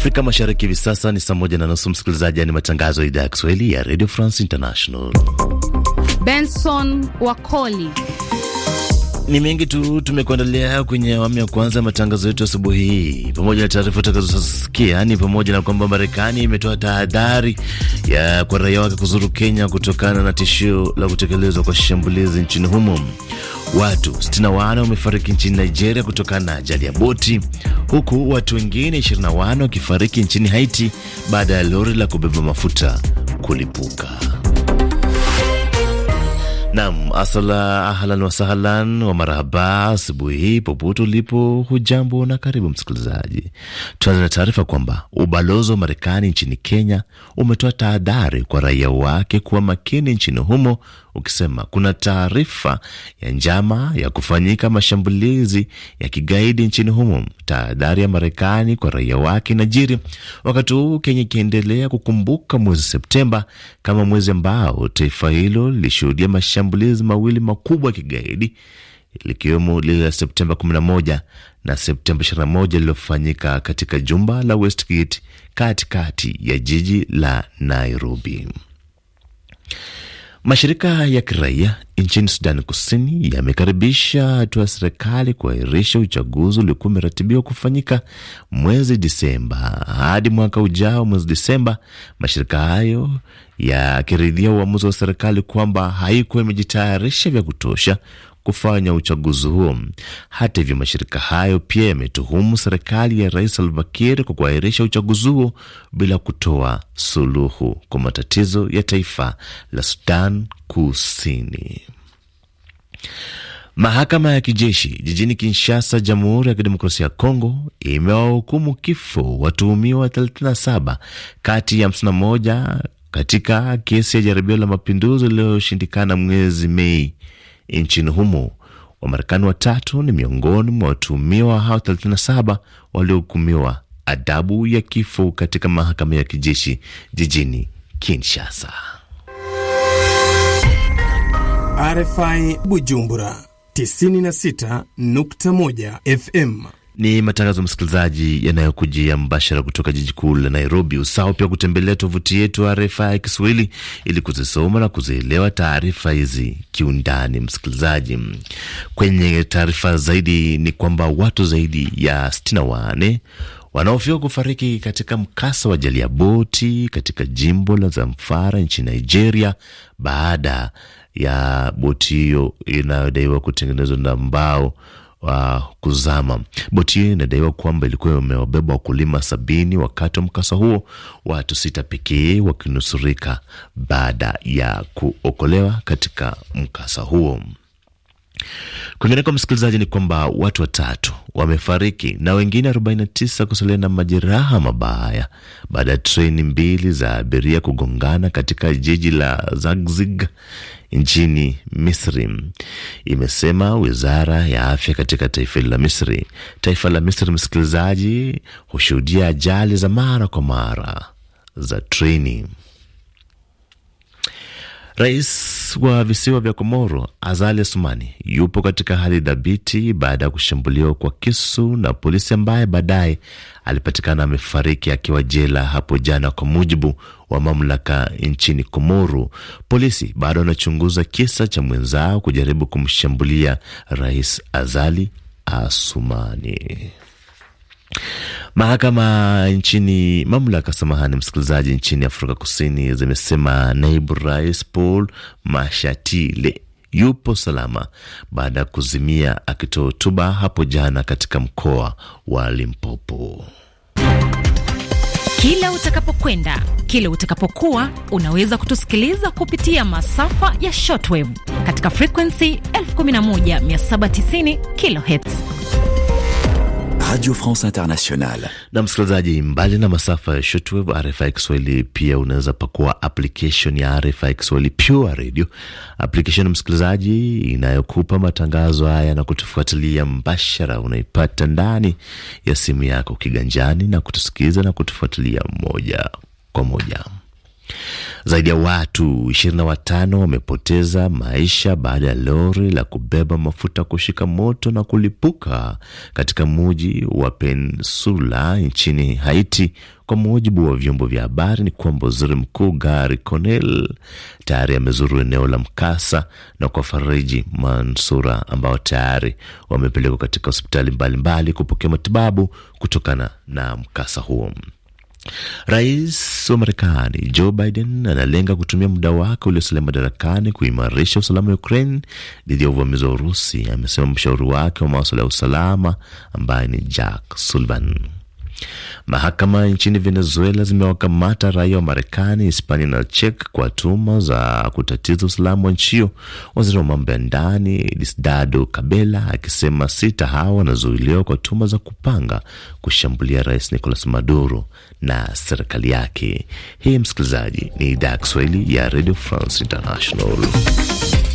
Afrika Mashariki hivi sasa ni saa moja na nusu. Msikilizaji, ni yaani matangazo ya idhaa ya Kiswahili ya Radio France International. Benson Wakoli ni mengi tu tumekuandalia kwenye awamu ya kwanza ya matangazo yetu asubuhi hii. Pamoja na taarifa utakazosikia ni pamoja na kwamba Marekani imetoa tahadhari ya kwa raia wake kuzuru Kenya kutokana na tishio la kutekelezwa kwa shambulizi nchini humo. Watu 61 wamefariki nchini Nigeria kutokana na ajali ya boti, huku watu wengine 21 wakifariki nchini Haiti baada ya lori la kubeba mafuta kulipuka. Nam asala, ahlan wasahlan wa marahaba, asubuhi hii popote ulipo, hujambo na karibu msikilizaji. Tuanze na taarifa kwamba ubalozi wa Marekani nchini Kenya umetoa tahadhari kwa raia wake kuwa makini nchini humo, ukisema kuna taarifa ya njama ya kufanyika mashambulizi ya kigaidi nchini humo. Tahadhari ya Marekani kwa raia wake inajiri wakati huu Kenya ikiendelea kukumbuka mwezi Septemba kama mwezi ambao taifa hilo lilishuhudia mashambulizi mawili makubwa ya kigaidi likiwemo lile la Septemba 11 na Septemba 21 lililofanyika katika jumba la Westgate katikati ya jiji la Nairobi. Mashirika ya kiraia nchini Sudani Kusini yamekaribisha hatua ya serikali kuahirisha uchaguzi uliokuwa umeratibiwa kufanyika mwezi Disemba hadi mwaka ujao mwezi Disemba, mashirika hayo yakiridhia uamuzi wa serikali kwamba haikuwa imejitayarisha vya kutosha kufanya uchaguzi huo. Hata hivyo, mashirika hayo pia yametuhumu serikali ya Rais Salva Kiir kwa kuahirisha uchaguzi huo bila kutoa suluhu kwa matatizo ya taifa la Sudan Kusini. Mahakama ya kijeshi jijini Kinshasa, Jamhuri ya Kidemokrasia ya Kongo imewahukumu kifo watuhumiwa 37 kati ya 51 katika kesi ya jaribio la mapinduzi lililoshindikana mwezi Mei nchini humo. Wamarekani watatu ni miongoni mwa watuhumiwa hao 37 waliohukumiwa adabu ya kifo katika mahakama ya kijeshi jijini Kinshasa. RFI Bujumbura 96.1 FM. Ni matangazo msikilizaji, yanayokujia mbashara kutoka jiji kuu la Nairobi. Usahau pia kutembelea tovuti yetu RFI Kiswahili ili kuzisoma na kuzielewa taarifa hizi kiundani. Msikilizaji, kwenye taarifa zaidi ni kwamba watu zaidi ya wane wanaofiwa kufariki katika mkasa wa ajali ya boti katika jimbo la Zamfara nchini Nigeria baada ya boti hiyo inayodaiwa kutengenezwa na mbao wa uh, kuzama. Boti hiyo inadaiwa kwamba ilikuwa imewabeba wakulima sabini wakati wa mkasa huo, watu sita pekee wakinusurika baada ya kuokolewa katika mkasa huo. Kwingineko msikilizaji, ni kwamba watu watatu wamefariki na wengine 49 kusalia na majeraha mabaya baada ya treni mbili za abiria kugongana katika jiji la Zagzig nchini Misri, imesema wizara ya afya katika taifa hili la Misri. Taifa la Misri, msikilizaji, hushuhudia ajali za mara kwa mara za treni. Rais wa visiwa vya Komoro Azali Sumani yupo katika hali dhabiti baada ya kushambuliwa kwa kisu na polisi ambaye baadaye alipatikana amefariki akiwa jela hapo jana, kwa mujibu wa mamlaka nchini Komoro. Polisi bado wanachunguza kisa cha mwenzao kujaribu kumshambulia Rais Azali Asumani. Mahakama nchini mamlaka, samahani msikilizaji, nchini Afrika Kusini zimesema naibu rais Paul Mashatile yupo salama baada ya kuzimia akitoa hotuba hapo jana katika mkoa wa Limpopo. Kila utakapokwenda, kila utakapokuwa, unaweza kutusikiliza kupitia masafa ya shortwave katika frekuensi 11790 kilohertz Radio France Internationale. Na msikilizaji, mbali na masafa ya shortwave, RFI Kiswahili pia unaweza pakua application ya RFI Kiswahili Pure Radio application, msikilizaji, inayokupa matangazo haya na kutufuatilia mbashara. Unaipata ndani ya simu yako kiganjani, na kutusikiza na kutufuatilia moja kwa moja. Zaidi ya watu ishirini na watano wamepoteza maisha baada ya lori la kubeba mafuta kushika moto na kulipuka katika muji wa Peninsula nchini Haiti. Kwa mujibu wa vyombo vya habari ni kwamba waziri mkuu Gari Conel tayari amezuru eneo la mkasa na kwa fariji mansura ambao tayari wamepelekwa katika hospitali mbalimbali kupokea matibabu kutokana na mkasa huo. Rais wa Marekani Joe Biden analenga kutumia muda wake uliosalia madarakani kuimarisha usalama wa Ukraine dhidi ya uvamizi wa Urusi, amesema mshauri wake wa masuala ya usalama ambaye ni Jack Sullivan. Mahakama nchini Venezuela zimewakamata raia wa Marekani, Hispania na chek kwa tuma za kutatiza usalama wa nchi hiyo, waziri wa mambo ya ndani Diosdado Cabela akisema sita hawa wanazuiliwa kwa tuma za kupanga kushambulia rais Nicolas Maduro na serikali yake. Hii msikilizaji, ni idhaa ya Kiswahili ya Radio France International.